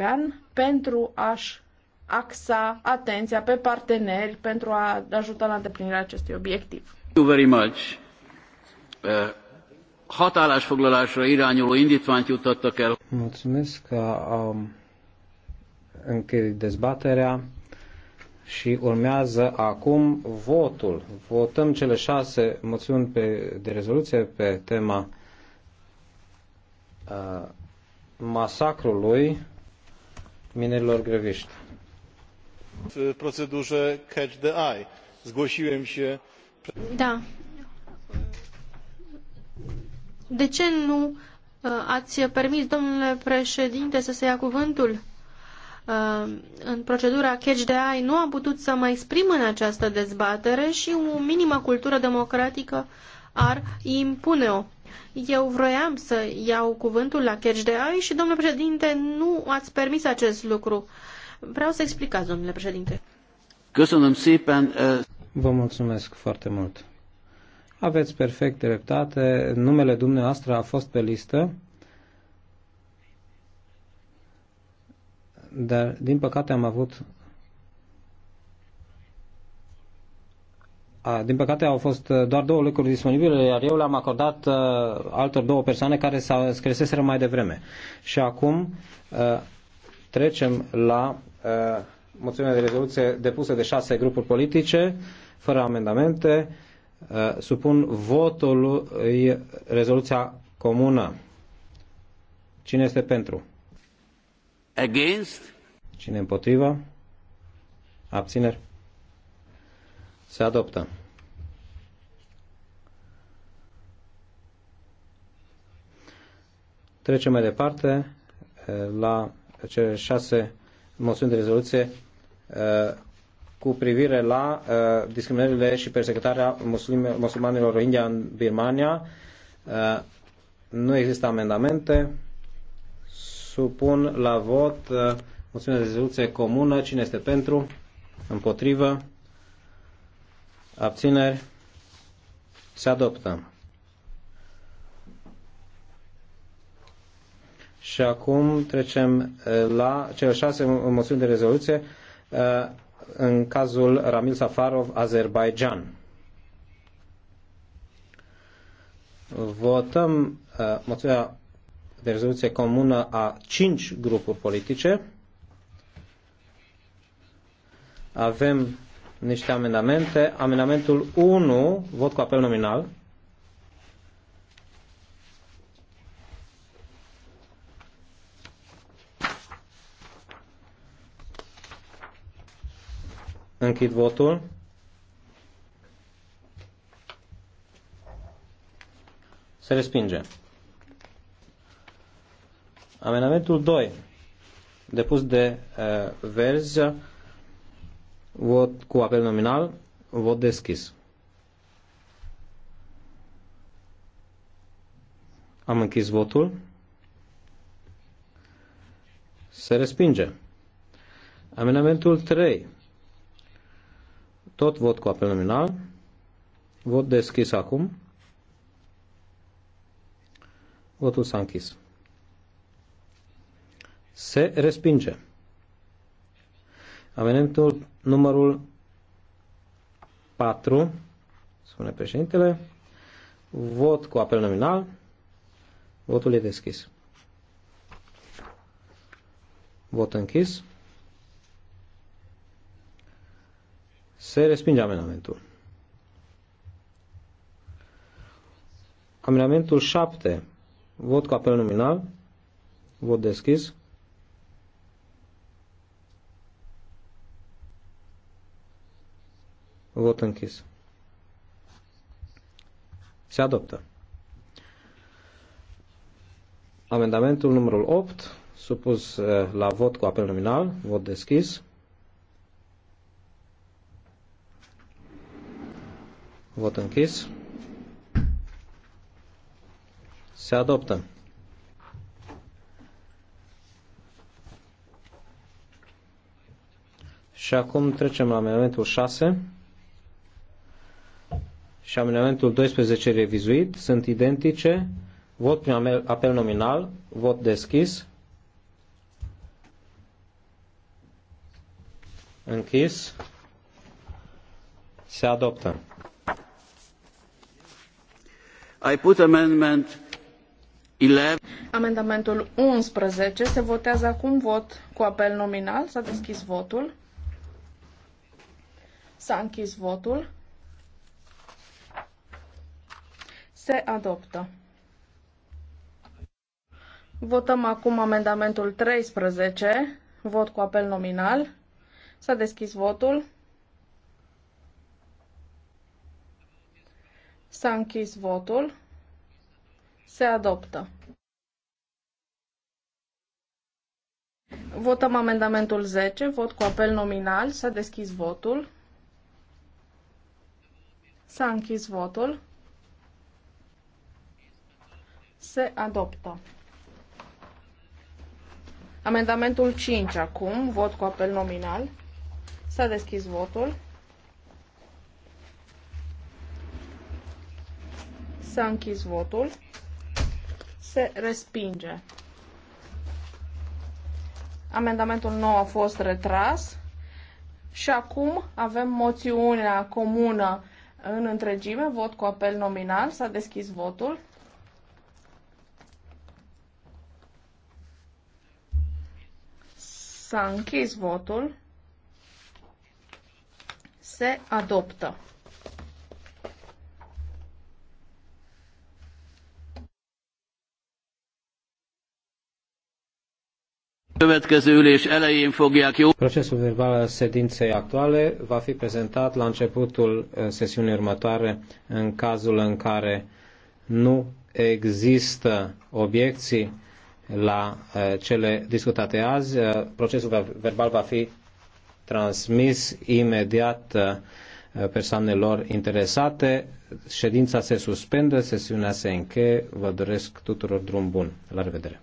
European pentru a-și axa atenția pe parteneri pentru a ajuta la îndeplinirea acestui obiectiv. Thank you very much. Uh, hat irányuló indítványt juttattak el. Mulțumesc că am um, închei dezbaterea și urmează acum votul. Votăm cele șase moțiuni pe, de rezoluție pe tema uh, masacrului minerilor grăviști. W procedurze catch the eye zgłosiłem się. Da. De ce nu ați permis, domnule președinte, să se ia cuvântul? În procedura catch the eye nu am putut să mă exprim în această dezbatere și o minimă cultură democratică ar impune-o. Eu vroiam să iau cuvântul la Catch de AI și, domnule președinte, nu ați permis acest lucru. Vreau să explicați, domnule președinte. Eh, Vă mulțumesc foarte mult. Aveți perfect dreptate. Numele dumneavoastră a fost pe listă, dar din păcate am avut Din păcate au fost uh, doar două lucruri disponibile, iar eu le-am acordat uh, altor două persoane care s-au scriseseră mai devreme. Și acum uh, trecem la moțiunea de rezoluție depusă de șase grupuri politice, fără amendamente. Supun votul rezoluția comună. Cine este pentru? Against. Cine împotriva? Abțineri. Se adoptă. Trecem mai departe eh, la cele șase moțiuni de rezoluție eh, cu privire la eh, discriminările și persecutarea musulmanilor Rohingya în Birmania. Nu există amendamente. Supun la vot moțiunea de rezoluție comună. Cine este pentru? Împotrivă? Abțineri. Se adoptă. Și acum trecem eh, la cele șase moțiuni de rezoluție eh, în cazul Ramil Safarov, Azerbaijan. Votăm eh, moțiunea de rezoluție comună a cinci grupuri politice. Avem niște amendamente. Amendamentul 1, vot cu apel nominal. Închid votul. Se respinge. Amendamentul 2, depus de uh, Verzi, Vot cu apel nominal. Vot deschis. Am închis votul. Se respinge. Amendamentul 3. Tot vot cu apel nominal. Vot deschis acum. Votul s-a închis. Se respinge. Amenentul numărul 4, spune președintele, vot cu apel nominal, votul e deschis. Vot închis. Se respinge amenamentul. Amenamentul 7, vot cu apel nominal, vot deschis. Vot închis. Se adoptă. Amendamentul numărul 8, supus eh, la vot cu apel nominal, vot deschis. Vot închis. Se adoptă. Și acum trecem la amendamentul 6 și amendamentul 12 revizuit sunt identice. Vot prin apel nominal, vot deschis, închis, se adoptă. I put amendment 11. Amendamentul 11 se votează acum vot cu apel nominal. S-a deschis votul. S-a închis votul. Se adoptă. Votăm acum amendamentul 13, vot cu apel nominal. S-a deschis votul. S-a închis votul. Se adoptă. Votăm amendamentul 10, vot cu apel nominal. S-a deschis votul. S-a închis votul. Se adoptă. Amendamentul 5 acum, vot cu apel nominal. S-a deschis votul. S-a închis votul. Se respinge. Amendamentul nou a fost retras și acum avem moțiunea comună în întregime, vot cu apel nominal, s-a deschis votul, S-a închis votul. Se adoptă. Procesul verbal al sedinței actuale va fi prezentat la începutul eh, sesiunii următoare în cazul în care nu există obiecții la eh, cele discutate azi. Eh, procesul verbal va fi transmis imediat eh, persoanelor interesate. Ședința se suspendă, sesiunea se încheie. Vă doresc tuturor drum bun. La revedere!